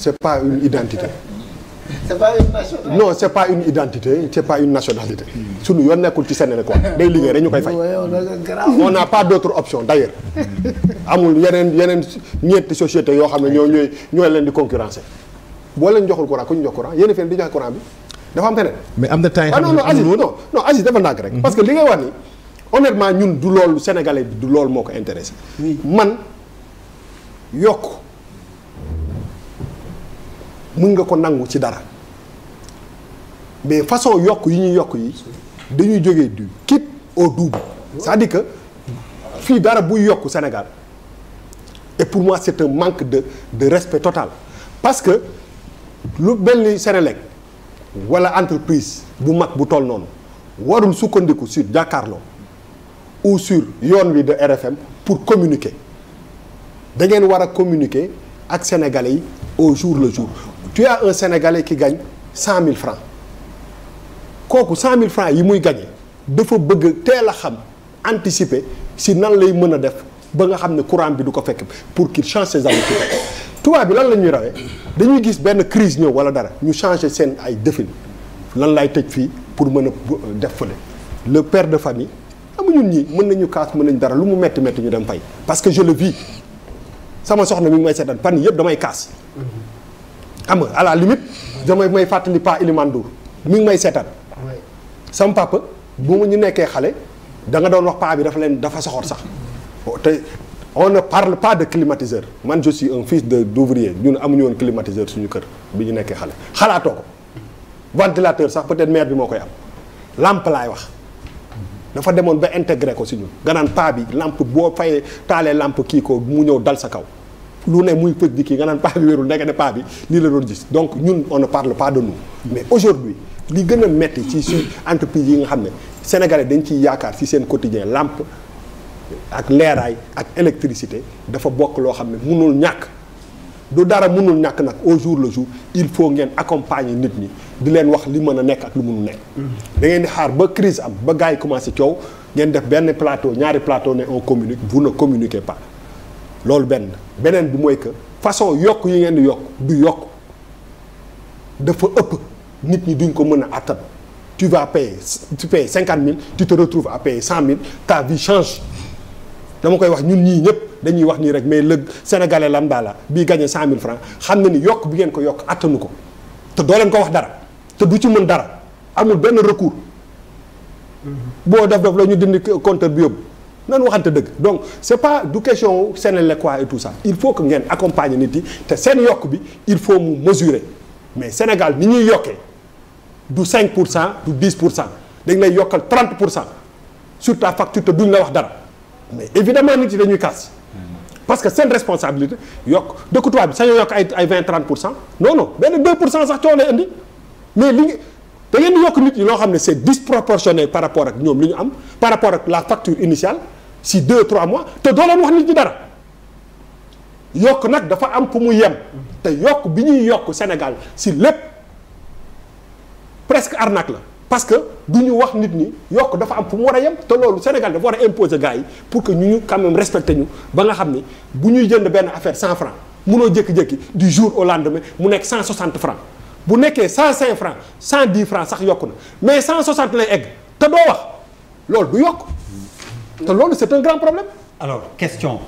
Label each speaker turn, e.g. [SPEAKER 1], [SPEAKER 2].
[SPEAKER 1] c'est pas une identité. c'est pas une nationalité non c'est identité c'est pas une nationalité. sunu nekkul ci Sénégal quoi day liggéey rek ñu koy fay. on n'a pas d'autre option d'ailleurs. amul yeneen yeneen ñeenti société yoo xam ne ñoo ñooy ñooy leen di concurrencer boo leen joxul courant ku ñu jox courant yéen a feneen di joxe courant bi dafa am feneen. mais am na temps yoo xam ah non non Aziz dafa ndànk rek. parce que li ngay wax nii ñun du loolu sénégalais bi du loolu moo ko intéressé. man yokk. mën nga ko nangu ci dara mais façon yokk yi ñuy yokk yi dañuy jógee du kit au double cest à que fii dara buy yokk Sénégal et pour moi c'est un manque de de respect total parce que lu benn ni Sénélec wala entreprise bu mag bu toll noonu warul sukkandiku sur jàkkaarloo au sur yoon wi de RFM pour communiquer da ngeen war a communiquer ak sénégalais yi au jour le jour tu as un sénégalais qui cent mille francs kooku cent mille francs yi muy gañe dafa bëgg teel a xam anticiper si nan lay mën a def ba nga xam ne courant bi du ko fekk pour qu'il change ses habitudes tubaab bi lan la ñuy rawee dañuy gis benn crise ñëw wala dara ñu changer seen ay dëfin lan lay tëj fii pour mën a def fële le père de famille amu ñun ñi mën nañu kaas mën nañu dara lu mu metti metti ñu dem fay parce que je le vis sama soxna mi ngi may seetaan fan yëpp damay kaas xam nga à la limite damay may fàttali pas Ilimandour mi ngi may seetaan sama papa bu mu ñu nekkee xale da nga doon wax paa bi dafa leen dafa soxor sax oh, te on ne parle pas de climatiseur man je suis un fils de d'ouvrier ñun amuñu woon climatiseur suñu kër bi ñu nekkee xale xalaatoo ko ventilateur sax peut maire bi moo koy am làmp laay wax dafa demoon ba intégré ko si ñun nga naan bi lampe boo fayee taalee làmp kii ko mu ñëw dal sa kaw lu ne muy fës di nga naan paa bi wérul ndekete paa bi lii la doon gis donc ñun on ne parle pas de nous mais aujourd'hui li gën a metti ci suñ entreprise yi nga xam ne sénégalais dañ ciy yaakaar ci seen quotidien làmp ak leeraay ak électricité dafa bokk loo xam ne mënul ñàkk du dara mënul ñàkk nag au jour jour il faut ngeen accompagner nit ñi di leen wax li mën a nekk ak lu mënul nekk da ngeen di xaar ba crise am ba gars yi commencé coow ngeen def benn ñaari plateau ne communique vous ne communiquez pas loolu benn beneen bi mooy que façon yokk yi ngeen di yokk du yokk dafa ëpp nit ñi duñ ko mën a attan tu vas payer tu payes cinquante mille tu te retrouves à cent mille ta vie change dama koy wax ñun ñii ñëpp dañuy wax nii rek mais le sénégalais lambda la bii gagné cent mille francs xam na ni yokk bi ngeen ko yokk attanu ko te doo leen ko wax dara te du ci mën dara amul benn recours mm-hmm. boo def def la ñu dindi compteur bi yóbbu nan waxante dëgg donc c' pas du question seen lekkuwaay et tout ça il faut que ngeen accompagner nit yi te seen yokk bi il faut mu mesurer mais Sénégal ni ñuy yokkee du cinq pour cent du 10 pour cent dañ lay yokkal 30 pour cent sur ta facture te duñ la wax dara mais évidemment nit yi dañuy kaas parce que seen responsabilité yokk dëkku tubaab bi sañoo yokk ay ay 20 30 pour cent non benn 2 pour cent sax coow indi mais li da ngeen par rapport ak ñoom ñu am par rapport ak la facture initiale. si deux trois mois te doo leen wax nit ñi dara yokk nag dafa am fu mu yem te yokk bi ñuy yokk Sénégal si lépp presque arnaque la parce que du ñu wax nit ñi yokk dafa am fu mu war a yem te loolu Sénégal dafa war a imposé gars yi pour que ñu ñu quand même respecté ñu ba nga xam ni bu ñuy jënd benn affaire cent franc munoo jékki-jékki du jour au lendemain mu nekk cent soixante franc bu nekkee cent cinq franc cent dix franc sax yokk na mais cent soixante lay egg te doo wax loolu du yokk. te loolu c'est un grand problème alors question